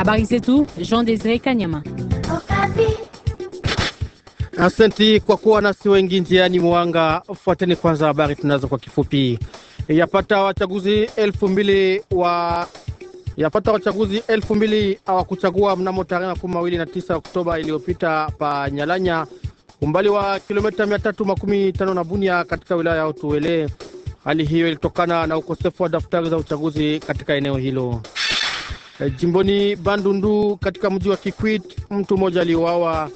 Habari zetu Jean Desire Kanyama. Asante kwa kuwa nasi wengi njiani mwanga. Fuateni kwanza habari tunazo kwa kifupi. Yapata wachaguzi elfu mbili wa yapata wachaguzi elfu mbili hawakuchagua mnamo tarehe makumi mawili na tisa Oktoba iliyopita pa Nyalanya, umbali wa kilomita mia tatu makumi tano na Bunia katika wilaya ya Utuwele. Hali hiyo ilitokana na ukosefu wa daftari za uchaguzi katika eneo hilo. Eh, jimboni Bandundu katika mji wa Kikwit mtu mmoja aliuawa.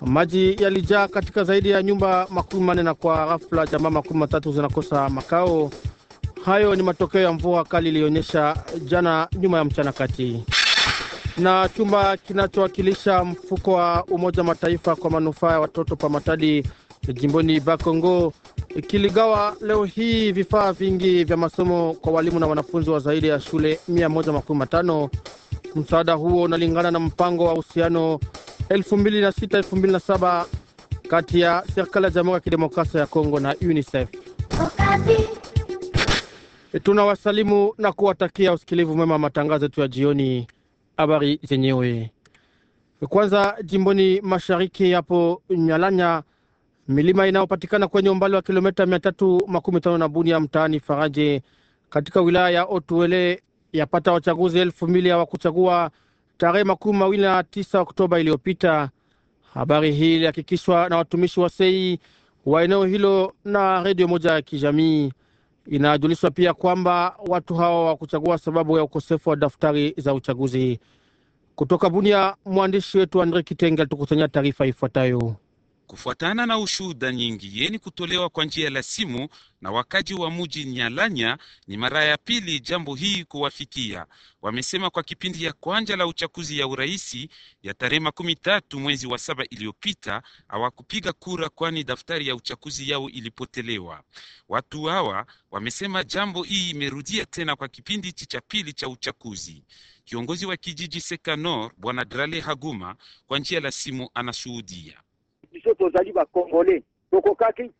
Maji yalijaa katika zaidi ya nyumba makumi manne na kwa ghafla jamaa makumi matatu zinakosa makao. Hayo ni matokeo ya mvua kali iliyoonyesha jana nyuma ya mchana kati. Na chumba kinachowakilisha mfuko wa Umoja Mataifa kwa manufaa ya watoto pa Matadi jimboni Bakongo kiligawa leo hii vifaa vingi vya masomo kwa walimu na wanafunzi wa zaidi ya shule 115. Msaada huo unalingana na mpango wa uhusiano 2006-2007 kati ya serikali ya Jamhuri ya Kidemokrasia ya Kongo na UNICEF. Tunawasalimu na kuwatakia usikilivu mwema matangazo yetu ya jioni. Habari zenyewe kwanza, jimboni mashariki hapo Nyalanya Milima inayopatikana kwenye umbali wa kilomita tano na Bunia mtaani Faraje katika wilaya ya Otuele yapata wachaguzi elfu mbili wa kuchagua tarehe makumi mawili na tisa Oktoba iliyopita. Habari hii ilihakikishwa na watumishi wa sei wa eneo hilo na redio moja ya kijamii. Inajulishwa pia kwamba watu hawa wakuchagua sababu ya ukosefu wa daftari za uchaguzi. Kutoka Bunia, mwandishi wetu Andre Kitenge alitukusanyia taarifa ifuatayo. Kufuatana na ushuhuda nyingi yeni kutolewa kwa njia la simu na wakaji wa muji Nyalanya, ni mara ya pili jambo hii kuwafikia. Wamesema kwa kipindi ya kwanja la uchaguzi ya uraisi ya tarehe makumi tatu mwezi wa saba iliyopita hawakupiga kura, kwani daftari ya uchaguzi yao ilipotelewa. Watu hawa wamesema jambo hii imerudia tena kwa kipindi cha pili cha uchaguzi. Kiongozi wa kijiji Sekanor Bwana Drale Haguma kwa njia la simu anashuhudia biso tozali bakongole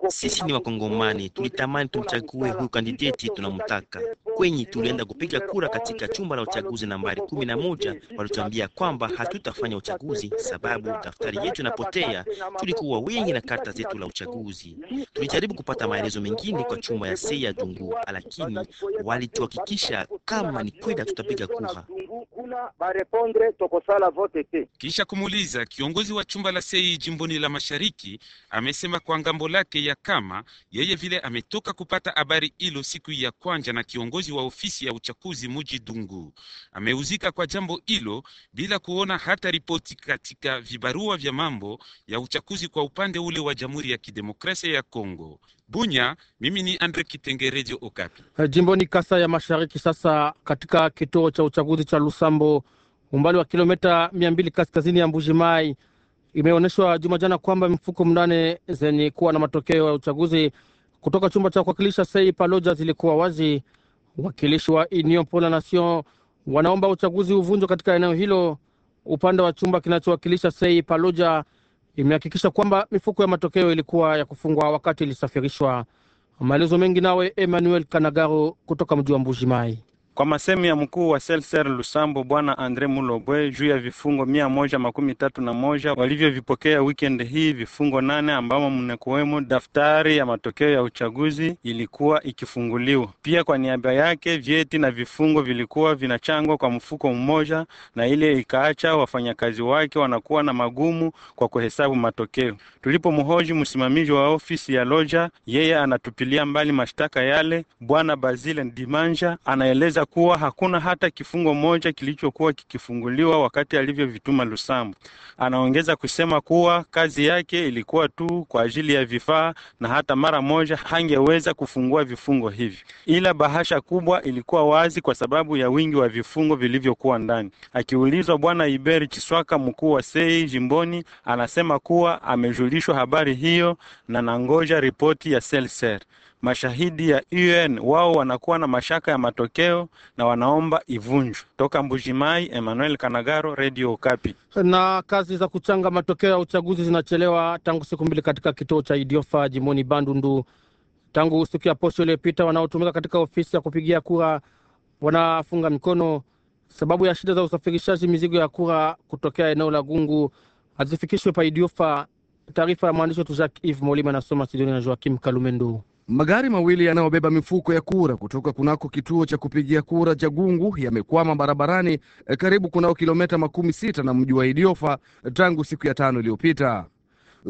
sisi ni Wakongomani, tulitamani tumchague huyu kandideti tunamtaka. Kwenye tulienda kupiga kura katika chumba la uchaguzi nambari kumi na moja, walituambia kwamba hatutafanya uchaguzi sababu daftari yetu inapotea. Tulikuwa wengi na karta zetu la uchaguzi. Tulijaribu kupata maelezo mengine kwa chumba ya sei ya jungu, lakini walituhakikisha kama ni kweli tutapiga kura chakula barepondre tokosala vote te. Kisha kumuuliza kiongozi wa chumba la sei jimboni la mashariki, amesema kwa ngambo lake ya kama yeye vile ametoka kupata habari hilo siku ya kwanja na kiongozi wa ofisi ya uchakuzi muji Dungu ameuzika kwa jambo hilo bila kuona hata ripoti katika vibarua vya mambo ya uchakuzi kwa upande ule wa Jamhuri ya Kidemokrasia ya Kongo. Bunya, mimi ni Andre Kitenge, Radio Okapi. Eh, jimbo ni Kasa ya Mashariki sasa katika kituo cha uchaguzi cha Lusambo umbali wa kilomita mia mbili kaskazini ya Mbujimai imeonyeshwa jana kwamba mifuko mnane zenye kuwa na matokeo ya uchaguzi kutoka chumba cha kuwakilisha Sei Paloja zilikuwa wazi. Wakilishi wa Union pour la Nation wanaomba uchaguzi uvunjwe katika eneo hilo. Upande wa chumba kinachowakilisha Sei Paloja imehakikisha kwamba mifuko ya matokeo ilikuwa ya kufungwa wakati ilisafirishwa. Maelezo mengi nawe Emmanuel Kanagaro kutoka mji wa Mbuji Mai. Kwa masemi ya mkuu wa Selser Lusambo Bwana Andre Mulobwe juu ya vifungo mia moja makumi tatu na moja walivyovipokea wikendi hii, vifungo nane ambamo mnakuwemo daftari ya matokeo ya uchaguzi ilikuwa ikifunguliwa. Pia kwa niaba yake vyeti na vifungo vilikuwa vinachangwa kwa mfuko mmoja, na ile ikaacha wafanyakazi wake wanakuwa na magumu kwa kuhesabu matokeo. Tulipomhoji msimamizi wa ofisi ya Loja, yeye anatupilia mbali mashtaka yale. Bwana Bazile dimanja anaeleza kuwa hakuna hata kifungo moja kilichokuwa kikifunguliwa wakati alivyovituma Lusambo. Anaongeza kusema kuwa kazi yake ilikuwa tu kwa ajili ya vifaa na hata mara moja hangeweza kufungua vifungo hivi, ila bahasha kubwa ilikuwa wazi kwa sababu ya wingi wa vifungo vilivyokuwa ndani. Akiulizwa, Bwana Iberi Chiswaka, mkuu wa sei jimboni, anasema kuwa amejulishwa habari hiyo na nangoja ripoti ya Selser mashahidi ya UN wao wanakuwa na mashaka ya matokeo na wanaomba ivunjwe. Toka Mbujimai, Emmanuel Kanagaro, Radio Okapi. Na kazi za kuchanga matokeo ya uchaguzi zinachelewa tangu siku mbili katika kituo cha Idiofa jimoni Bandundu. Tangu siku ya posho iliyopita, wanaotumika katika ofisi ya kupigia kura wanafunga mikono sababu ya shida za usafirishaji mizigo ya kura kutokea eneo la Gungu hazifikishwe pa Idiofa. Taarifa ya mwandishi wetu Jacques Yves Molima anasoma studioni na Joakim Kalumendu. Magari mawili yanayobeba mifuko ya kura kutoka kunako kituo cha kupigia kura cha Gungu yamekwama barabarani eh, karibu kunao kilomita makumi sita na mji wa Idiofa eh, tangu siku ya tano iliyopita.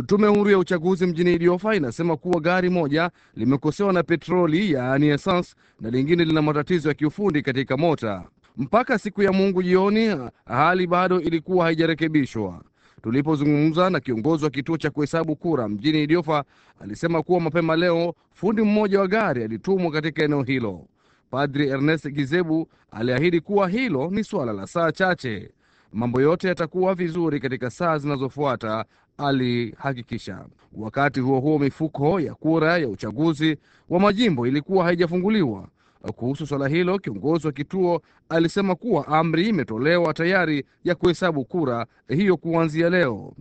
Tume huru ya uchaguzi mjini Idiofa inasema kuwa gari moja limekosewa na petroli yaani essence na lingine lina matatizo ya kiufundi katika mota. Mpaka siku ya Mungu jioni, eh, hali bado ilikuwa haijarekebishwa. Tulipozungumza na kiongozi wa kituo cha kuhesabu kura mjini Idiofa, alisema kuwa mapema leo fundi mmoja wa gari alitumwa katika eneo hilo. Padri Ernest Gizebu aliahidi kuwa hilo ni suala la saa chache, mambo yote yatakuwa vizuri katika saa zinazofuata, alihakikisha. Wakati huo huo, mifuko ya kura ya uchaguzi wa majimbo ilikuwa haijafunguliwa kuhusu swala hilo, kiongozi wa kituo alisema kuwa amri imetolewa tayari ya kuhesabu kura hiyo kuanzia leo.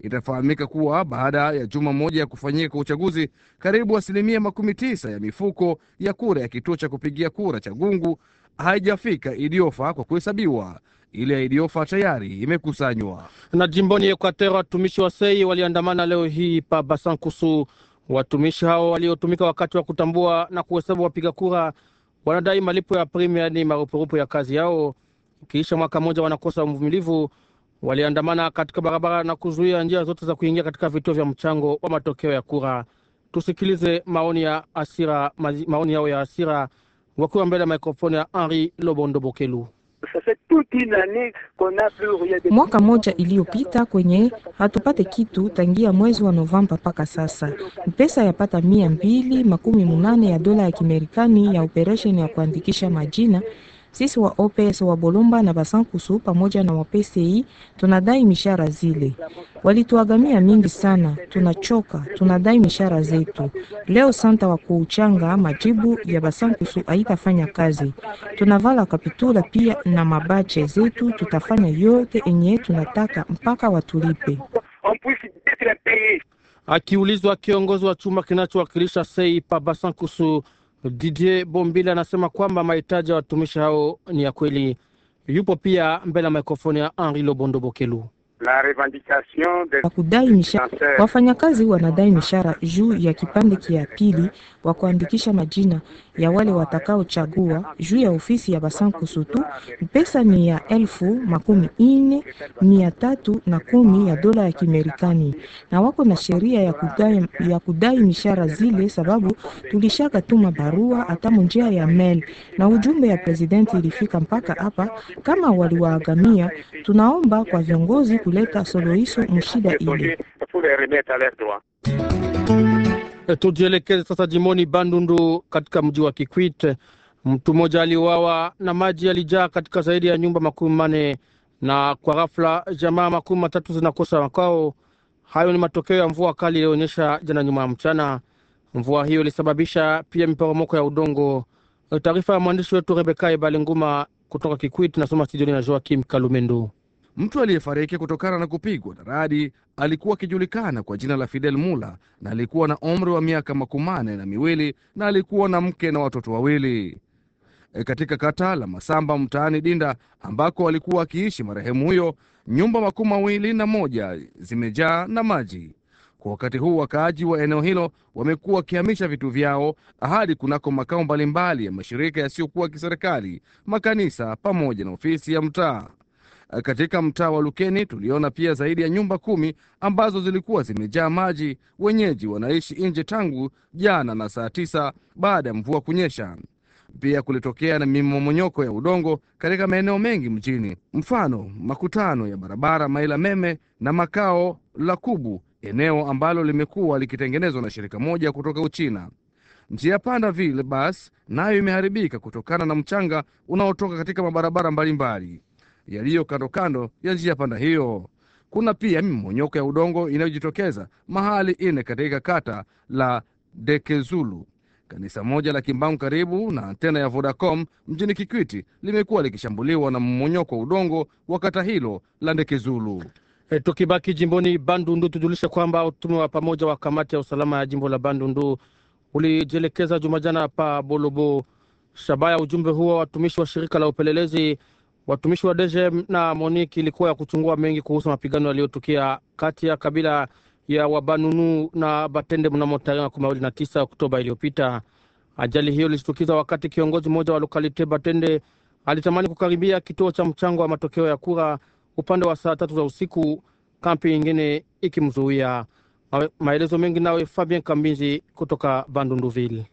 Itafahamika kuwa baada ya juma moja ya kufanyika kwa uchaguzi, karibu asilimia makumi tisa ya mifuko ya kura ya kituo cha kupigia kura cha Gungu haijafika Idiofa kwa kuhesabiwa. Ile ya Idiofa tayari imekusanywa. Na jimboni Ekuater, watumishi wa sei waliandamana leo hii pa Basankusu. Watumishi hao waliotumika wakati wa kutambua na kuhesabu wapiga kura wanadai malipo ya primi, yaani marupurupu ya kazi yao. Kisha mwaka mmoja wanakosa mvumilivu, waliandamana katika barabara na kuzuia njia zote za kuingia katika vituo vya mchango wa matokeo ya kura. Tusikilize maoni ya asira, maoni yao ya asira wakiwa mbele ya mikrofoni ya Henri Lobondo Bokelu. Mwaka moja iliyopita kwenye hatupate kitu tangia mwezi wa Novemba mpaka sasa, pesa yapata mia mbili makumi munane ya dola ya Kimerikani ya operation ya kuandikisha majina sisi wa OPS wa Bolomba na Basankusu pamoja na wa PCI tunadai mishara zile. Walituagamia mingi sana, tunachoka, tunadai mishara zetu. Leo santa wa kuuchanga majibu ya Basankusu haitafanya kazi. Tunavala kapitula pia na mabache zetu, tutafanya yote enye tunataka mpaka watulipe. Akiulizwa kiongozi wa chuma kinachowakilisha sei pa Basankusu DJ Bombila anasema kwamba mahitaji ya watumishi hao ni ya kweli. Yupo pia mbele ya mikrofoni ya Henri Lobondo Bokelu kwa kudai mishahara. Wafanyakazi wanadai mishahara juu ya kipande kia pili wa kuandikisha majina ya wale watakaochagua juu ya ofisi ya Basan Kusutu. Pesa ni ya elfu makumi ine mia tatu na kumi ya dola ya Kimerikani, na wako na sheria ya kudai, ya kudai mishahara zile, sababu tulishakatuma barua hata munjia ya mail na ujumbe ya presidenti ilifika mpaka hapa. Kama waliwaagamia, tunaomba kwa viongozi kuleta suluhisho ni shida ile. Eh, tujielekeze sasa jimoni Bandundu katika mji wa Kikwit. Mtu mmoja aliuawa na maji yalijaa katika zaidi ya nyumba makumi mane na kwa ghafla jamaa makumi matatu zinakosa makao. Hayo ni matokeo ya mvua kali iliyoonyesha jana nyuma ya mchana. Mvua hiyo ilisababisha pia miporomoko ya udongo. Eh, taarifa ya mwandishi wetu Rebeka Ebale Nguma kutoka Kikwit, nasoma studioni na Joakim Kalumendo. Mtu aliyefariki kutokana na kupigwa na radi alikuwa akijulikana kwa jina la Fidel Mula na alikuwa na umri wa miaka makumane na miwili na alikuwa na mke na watoto wawili. E, katika kata la Masamba mtaani Dinda ambako alikuwa akiishi marehemu huyo, nyumba makumi mawili na moja zimejaa na maji. Kwa wakati huu wakaaji wa eneo hilo wamekuwa wakihamisha vitu vyao hadi kunako makao mbalimbali ya mashirika yasiyokuwa kiserikali, makanisa pamoja na ofisi ya mtaa. Eh, katika mtaa wa Lukeni tuliona pia zaidi ya nyumba kumi ambazo zilikuwa zimejaa maji. Wenyeji wanaishi nje tangu jana na saa tisa baada ya mvua kunyesha. Pia kulitokea na mimomonyoko ya udongo katika maeneo mengi mjini, mfano makutano ya barabara Maila Meme na makao la Kubu, eneo ambalo limekuwa likitengenezwa na shirika moja kutoka Uchina. Njia panda vile bas nayo imeharibika kutokana na mchanga unaotoka katika mabarabara mbalimbali mbali yaliyo kando kando ya njia panda hiyo. Kuna pia mmonyoko ya udongo inayojitokeza mahali ine katika kata la Dekezulu. Kanisa moja la Kimbangu karibu na antena ya Vodacom mjini Kikwiti limekuwa likishambuliwa na mmonyoko wa udongo wa kata hilo la Ndekezulu. E, eh, tukibaki jimboni Bandundu tujulishe kwamba utume wa pamoja wa kamati ya usalama ya jimbo la Bandundu ulijielekeza Jumajana pa Bolobo. Shabaha ya ujumbe huo watumishi wa shirika la upelelezi Watumishi wa DGM na MONUC ilikuwa ya kuchungua mengi kuhusu mapigano yaliyotukia kati ya kabila ya Wabanunu na Batende mnamo tarehe makumi mawili na tisa Oktoba iliyopita. Ajali hiyo ilishtukiza wakati kiongozi mmoja wa lokalite Batende alitamani kukaribia kituo cha mchango wa matokeo ya kura upande wa saa tatu za usiku, kampi nyingine ikimzuia. Maelezo mengi nawe Fabien Kambizi kutoka Bandunduville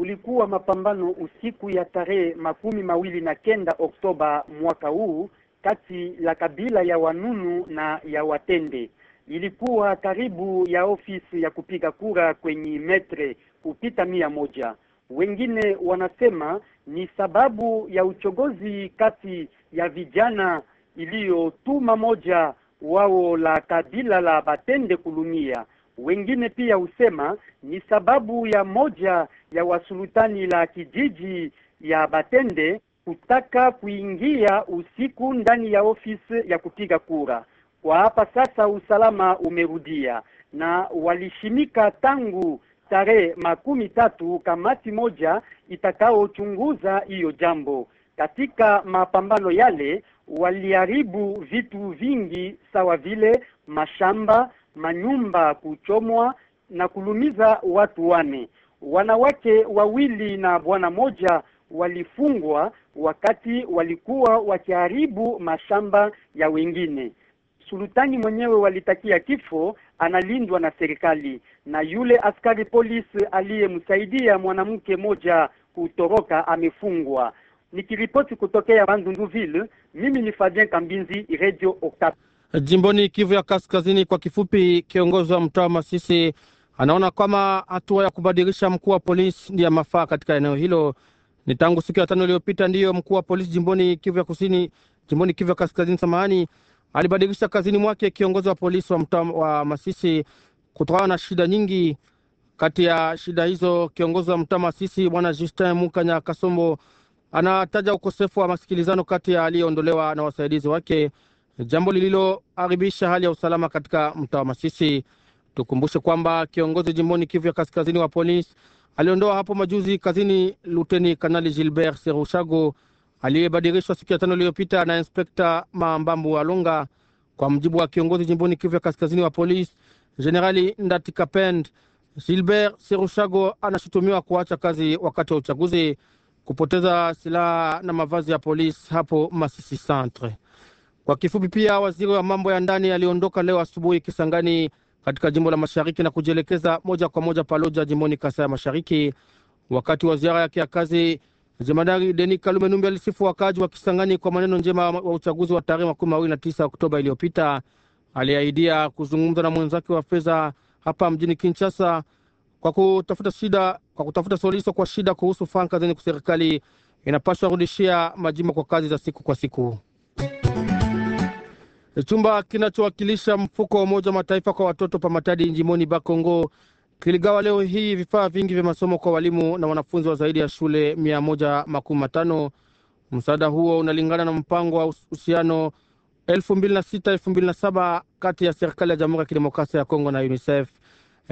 kulikuwa mapambano usiku ya tarehe makumi mawili na kenda Oktoba mwaka huu kati la kabila ya Wanunu na ya Watende. Ilikuwa karibu ya ofisi ya kupiga kura kwenye metre kupita mia moja. Wengine wanasema ni sababu ya uchogozi kati ya vijana iliyotuma moja wao la kabila la Batende kulumia. Wengine pia husema ni sababu ya moja ya wasultani la kijiji ya Batende kutaka kuingia usiku ndani ya ofisi ya kupiga kura. Kwa hapa sasa usalama umerudia, na walishimika tangu tarehe makumi tatu kamati moja itakaochunguza hiyo jambo. Katika mapambano yale waliharibu vitu vingi sawa vile mashamba, manyumba kuchomwa na kulumiza watu wane. Wanawake wawili na bwana moja walifungwa wakati walikuwa wakiharibu mashamba ya wengine. Sultani mwenyewe walitakia kifo, analindwa na serikali, na yule askari polisi aliyemsaidia mwanamke moja kutoroka amefungwa. Nikiripoti kutokea Bandunduville, mimi ni Fabien Kambinzi, Radio Okapi, jimboni Kivu ya Kaskazini. Kwa kifupi, kiongozi wa mtaa Masisi anaona kama hatua ya kubadilisha mkuu wa polisi ndiyo mafaa katika eneo hilo. Ni tangu siku ya tano iliyopita ndiyo mkuu wa polisi jimboni Kivu ya kusini, jimboni Kivu ya kaskazini samahani, alibadilisha kazini mwake kiongozi wa polisi wa mtaa wa Masisi kutokana na shida nyingi. Kati ya shida hizo, kiongozi wa mtaa Masisi bwana Justin Mukanya Kasombo anataja ukosefu wa masikilizano kati ya aliyeondolewa na wasaidizi wake, jambo lililoharibisha hali ya usalama katika mtaa wa Masisi. Tukumbushe kwamba kiongozi jimboni Kivu ya kaskazini wa polisi aliondoa hapo majuzi kazini luteni kanali Gilbert Serushago aliyebadilishwa siku ya tano iliyopita na inspekta Maambambu Walonga. Kwa mjibu wa kiongozi jimboni Kivu ya kaskazini wa polisi Generali Ndati Kapend, Gilbert Serushago anashutumiwa kuacha kazi wakati wa uchaguzi, kupoteza silaha na mavazi ya polisi hapo Masisi Centre. Kwa kifupi, pia waziri wa mambo ya ndani aliondoka leo asubuhi Kisangani katika jimbo la mashariki na kujielekeza moja kwa moja Paloja jimboni Kasai mashariki. Wakati wa ziara yake ya kazi, jemadari Deni Kalume Numbi alisifu wakaaji wa Kisangani kwa maneno njema wa uchaguzi wa tarehe makumi mawili na tisa Oktoba iliyopita. Aliahidia kuzungumza na mwenzake wa fedha hapa mjini Kinshasa kwa kutafuta shida, kwa kutafuta suluhisho kwa shida kuhusu franka zenye serikali inapaswa rudishia majimbo kwa kazi za siku kwa siku. Chumba kinachowakilisha mfuko wa Umoja wa Mataifa kwa watoto pamatadi njimoni Bakongo kiligawa leo hii vifaa vingi vya masomo kwa walimu na wanafunzi wa zaidi ya shule mia moja makumi matano. Msaada huo unalingana na mpango wa uhusiano elfu mbili na sita elfu mbili na saba kati ya serikali ya Jamhuri ya Kidemokrasia ya Kongo na UNICEF.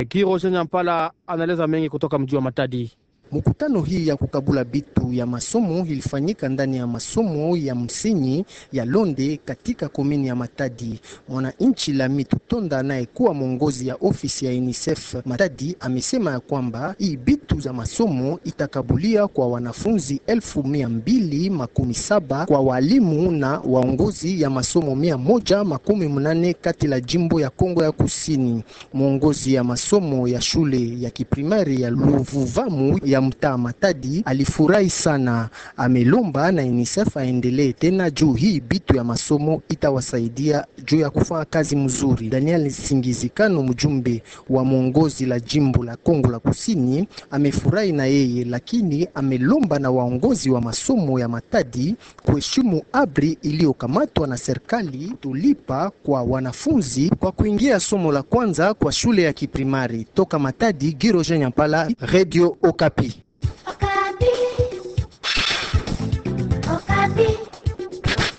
Kiro Nyampala anaeleza mengi kutoka mji wa Matadi. Mkutano hii ya kukabula bitu ya masomo ilifanyika ndani ya masomo ya msingi ya Londe katika komini ya Matadi. Mwananchi Lami na anayekuwa mwongozi ya ofisi ya UNICEF Matadi amesema ya kwamba hii bitu za masomo itakabulia kwa wanafunzi elfu mia mbili makumi saba kwa walimu na waongozi ya masomo mia moja makumi mnane kati la jimbo ya Kongo ya Kusini. Mwongozi ya masomo ya shule ya kiprimari ya Luvuvamu ya ya mtaa Matadi alifurahi sana, amelomba na UNICEF aendelee tena juu hii bitu ya masomo itawasaidia juu ya kufanya kazi mzuri. Daniel Singizikano, mjumbe wa mwongozi la jimbo la Kongo la Kusini, amefurahi na yeye, lakini amelomba na waongozi wa masomo ya Matadi kuheshimu abri iliyokamatwa na serikali tulipa kwa wanafunzi kwa kuingia somo la kwanza kwa shule ya kiprimari toka Matadi. Jean Nyampala, Radio Okapi.